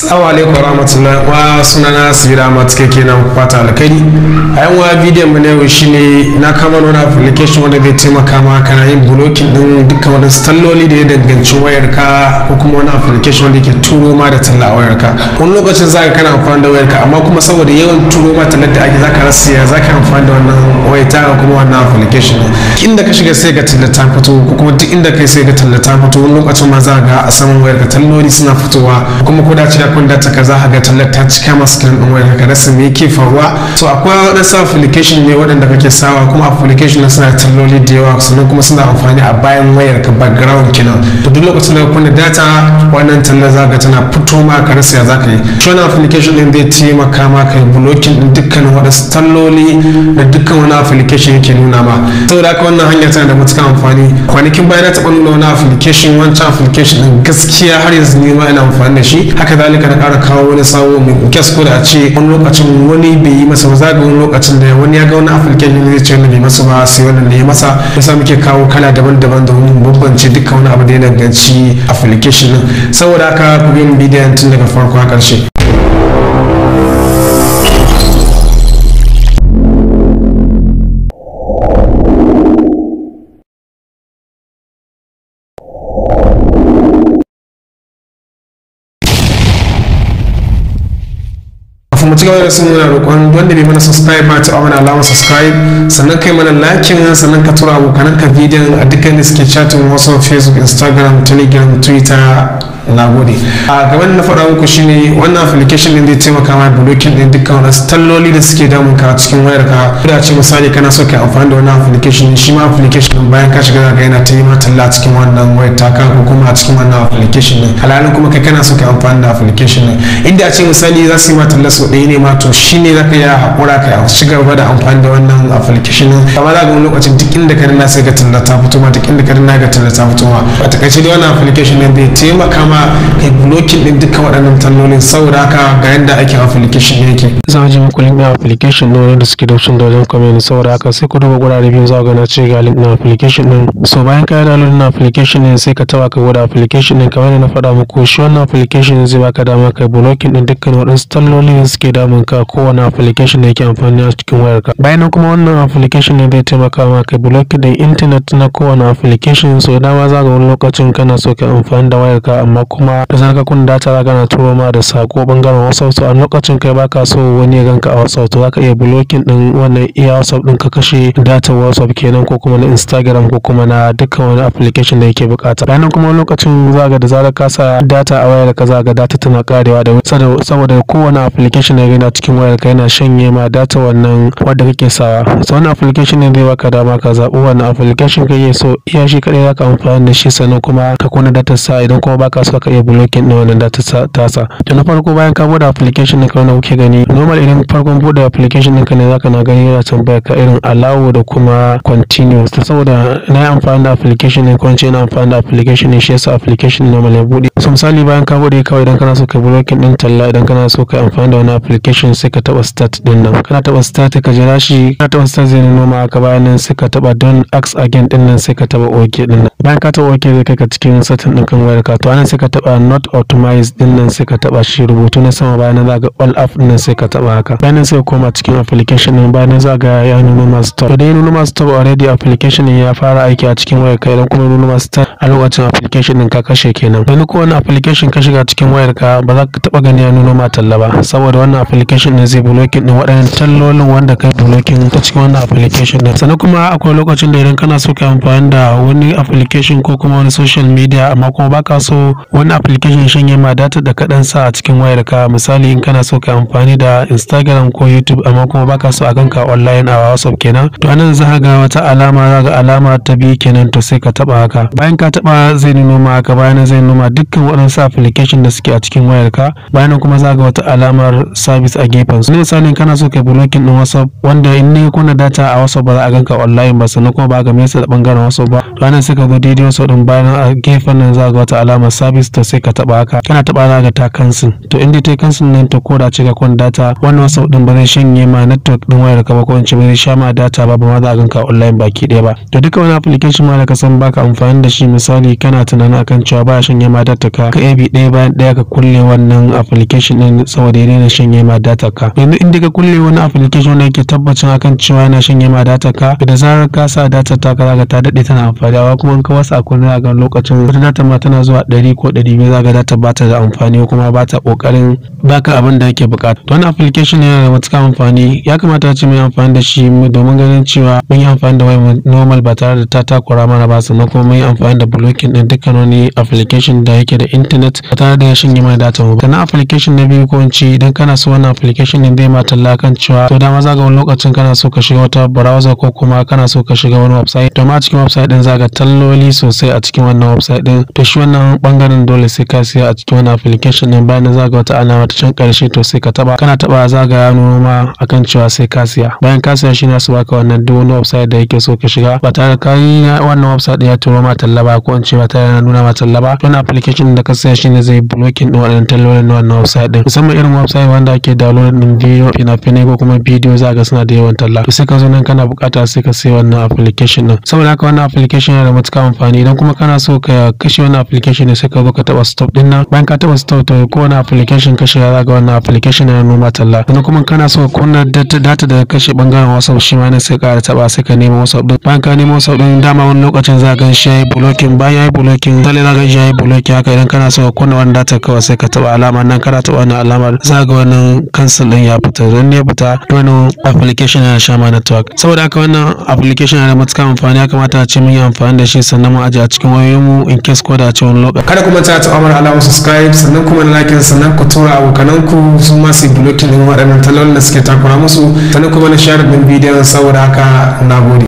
Assalamu alaikum warahmatullahi wa sunana Sibira Matuke kenan kwata alkari. A yan wa bidiyon mu na yau ne na kama wani application wanda zai taimaka ma kana yin blocking din dukkan wani stalloli da ya danganci wayar ka ko kuma wani application wanda yake turo ma da talla a wayar ka. Wani lokacin za ka kana amfani da wayar ka amma kuma saboda yawan turo ma talla da ake zaka rasa ya ka amfani da wannan wayar ta kuma wannan application. ne Inda ka shiga sai ka talla ta fito ko kuma duk inda kai sai ka talla ta fito wani lokacin ma za ga a saman wayar ka talloli suna fitowa kuma ko da kun data ta kaza haga ta cika masu kiran ɗin wayar ka rasa me yake faruwa to akwai waɗansu application ne waɗanda kake sawa kuma application suna talloli da yawa sannan kuma suna amfani a bayan wayar ka background kenan to duk lokacin da da data wannan talla za ka tana fito ma ka rasa ya za ka yi shi wannan application din zai taimaka ma ka yi blocking din dukkanin waɗansu talloli da dukkan wani application yake nuna ma saboda haka wannan hanya tana da matuƙar amfani kwanakin bayan na taɓa nuna wani application wancan application din gaskiya har yanzu ne ma ina amfani da shi haka zalika kada ka kara kawo wani sawo mai kyas ko da a ce wani lokacin wani bai yi masa ba za ga wani lokacin da wani ya ga wani application ne zai ce wani bai masa ba sai wani ne ya masa yasa muke kawo kala daban-daban da wani bambance dukkan wani abu da ya danganci application din saboda haka ku bi bidiyon tun daga farko a ƙarshe kafin mu ci gaba da sunan muna roƙon wanda bai mana subscribe ba ta mana alamar subscribe sannan kai mana like sannan ka tura abokanan ka bidiyon a dukkan da suke chatin wasu facebook instagram telegram twitter na gode a gaban na faɗa muku shine wannan application din zai taimaka ma blocking din dukkan wasu talloli da suke damun ka cikin wayar ka da ce misali kana so ka amfani da wannan application shi ma application din bayan ka shiga ga yana ta talla a cikin wannan wayar ka ko kuma a cikin wannan application din halalin kuma kai kana so ka amfani da application din inda a ce misali za su yi ma talla ɗaya ne ma to shi ne za ka iya haƙura ka ci gaba da amfani da wannan application kamar za ka wani lokacin duk inda ka na sai ka tunda ta fito ma duk inda ka na ga tunda ta fito ma a takaice dai wannan application ne bai taimaka ma kai blocking din dukkan waɗannan tallolin saboda haka ga yadda ake application yake. za a ji muku link na application ɗin wanda suke daushin da wajen kwamini saboda haka sai ku duba gurare biyu za ga na ce ga link na application ɗin so bayan ka yi download na application ɗin sai ka taba ka gwada application ɗin kamar na faɗa muku shi wannan application zai baka dama ka blocking ɗin dukkan waɗansu tallolin suke damun ka ko wani application da yake amfani a cikin wayarka bayan kuma wannan application ne zai taimaka ma ka block da internet na kowane application so dama za ga wani lokacin kana so ka amfani da wayarka amma kuma da zaka kun data za na turo ma da sako bangaren whatsapp so a lokacin kai baka so wani ya ganka a whatsapp to zaka iya blocking din wannan iya whatsapp din ka kashe data whatsapp kenan ko kuma na instagram ko kuma na dukkan wani application da yake bukata bayan kuma wani lokacin za da ka kasa data a wayarka za ka data tana karewa da saboda kowane application dictionary na cikin wayar ka yana shanye ma data wannan wadda kake sawa so wannan application ne zai baka dama ka zaɓi wannan application kake so iya shi kadai zaka amfani da shi sannan kuma ka kona data sa idan kuma baka so ka iya blocking din wannan data tasa to na farko bayan ka bude application ka wannan kuke gani normal idan farkon bude application ɗinka ne zaka na gani yana tambaya ka irin allow da kuma continue to saboda na yi amfani da application ne ko na amfani da application ne shi yasa application normal ya bude so misali bayan ka bude kawai idan kana so ka blocking din talla idan kana so ka amfani da wani application sai ka taba start din nan kana taba start ka jira shi kana taba start zai noma ka bayan nan sai ka taba don ask again din nan sai ka taba okay din nan bayan ka taba okay zai kai ka cikin setting din kan wayar ka to anan sai ka taba not optimize din nan sai ka taba shi rubutu na sama bayan nan zaka all app din nan sai ka taba haka bayan nan sai ka koma cikin application din bayan nan zaka ya nuna masu tab to dai nuna masu already application din ya fara aiki a cikin wayar ka idan kuma nuna masu tab a lokacin application din ka kashe kenan wani ko wani application ka shiga cikin wayar ka ba za ka taba gani ya nuna ma talla ba saboda wannan application ne zai blocking din waɗannan tallolin wanda kai blocking ta cikin wannan application din sannan kuma akwai lokacin da idan kana so ka amfani da wani application ko kuma wani social media amma kuma baka so wani application shanye ma data da kaɗan sa a cikin wayar ka misali in kana so ka amfani da instagram ko youtube amma kuma baka so a ganka online a whatsapp kenan to anan za ga wata alama za ga alama ta biyu kenan to sai ka taba haka bayan ka taba zai nuno ma haka bayan zai nuno ma dukkan waɗansu application da suke a cikin wayar ka bayan kuma za ga wata alamar service a gefen su misalin kana so kai blocking din whatsapp wanda in ne kuna data a whatsapp ba za a ganka online ba sannan kuma ba ga mesa da bangaren whatsapp ba to anan sai ka zo daidai whatsapp din bayan a gefen nan za ga wata alamar service to sai ka taba haka kana taba za ga ta cancel to in dai ta cancel nan to ko da ce ga kun data wannan whatsapp din ba zai shanye ma network din wayar ka ba ko in ce ba zai sha ma data ba ba ma za a ganka online baki ɗaya ba to duka wani application ma da ka san baka amfani da shi misali kana tunanin akan cewa ba shanye ma data ka ka ɗaya bayan daya ka kulle wannan application din saboda ya daina shanye shanye ma data ka yanzu in daga kulle wani application da ke tabbacin akan cewa yana shanye ma data ka da zarar ka sa data ta ka zaka ta dade tana amfani wa kuma in ka wasa a kullum a lokacin wata data ma tana zuwa 100 ko 200 zaka data ba ta da amfani kuma ba ta kokarin baka abin da yake bukata to wannan application yana da matuƙar amfani ya kamata ce mu amfani da shi domin ganin cewa mun yi amfani da wayar normal ba tare da ta takura mana ba sannan kuma mun yi amfani da blocking din dukkan wani application da yake da internet ba tare da ya shanye ma data ba sannan application na biyu ko in ce idan kana kana so wannan application din zai ma talla kan cewa to dama za wani lokacin kana so ka shiga wata browser ko kuma kana so ka shiga wani website to ma a cikin website din za talloli sosai a cikin wannan website din to shi wannan bangaren dole sai ka siya a cikin wannan application din bayan za ga wata alama ta can karshe to sai ka taba kana taba za ya nuno ma akan cewa sai ka siya bayan ka siya shi na su baka wannan duk wani website da yake so ka shiga ba tare ka yi wannan website din ya turo ma talla ba ko in ce ba tare nuna ma talla ba wannan application da ka siya shi ne zai blocking din wannan tallolin na wannan website din musamman irin website wanda ake download din video fina-finai ko kuma video za ga suna da yawan talla to sai ka zo nan kana bukata sai ka sai wannan application din saboda haka wannan application yana da matukar amfani idan kuma kana so ka kashe wannan application ne sai ka zo ka taba stop din nan bayan ka taba stop to ko wannan application kashe za ga wannan application yana noma talla sannan kuma kana so kunna data da kashe bangaren WhatsApp shi ma ne sai ka taba sai ka nemo WhatsApp din bayan ka nemo WhatsApp din dama wani lokacin za ka shi yayi blocking bayan yayi blocking sai za ka shi yayi blocking haka idan kana so ka kunna wannan data kawai sai ka taba alama nan kana taba wannan alamar za ga ganin kansa din ya fita don ne fita wani application na shama network saboda haka wannan application yana da matuka amfani ya kamata a ce mun yi amfani da shi sannan mu aje a cikin wayoyin in case ko da a ce wani lokaci kada ku ta ta amara mu subscribe sannan kuma na like sannan ku tura abokanan ku su ma su blocking din waɗannan talon da suke takura musu sannan kuma na share din bidiyon saboda haka nagode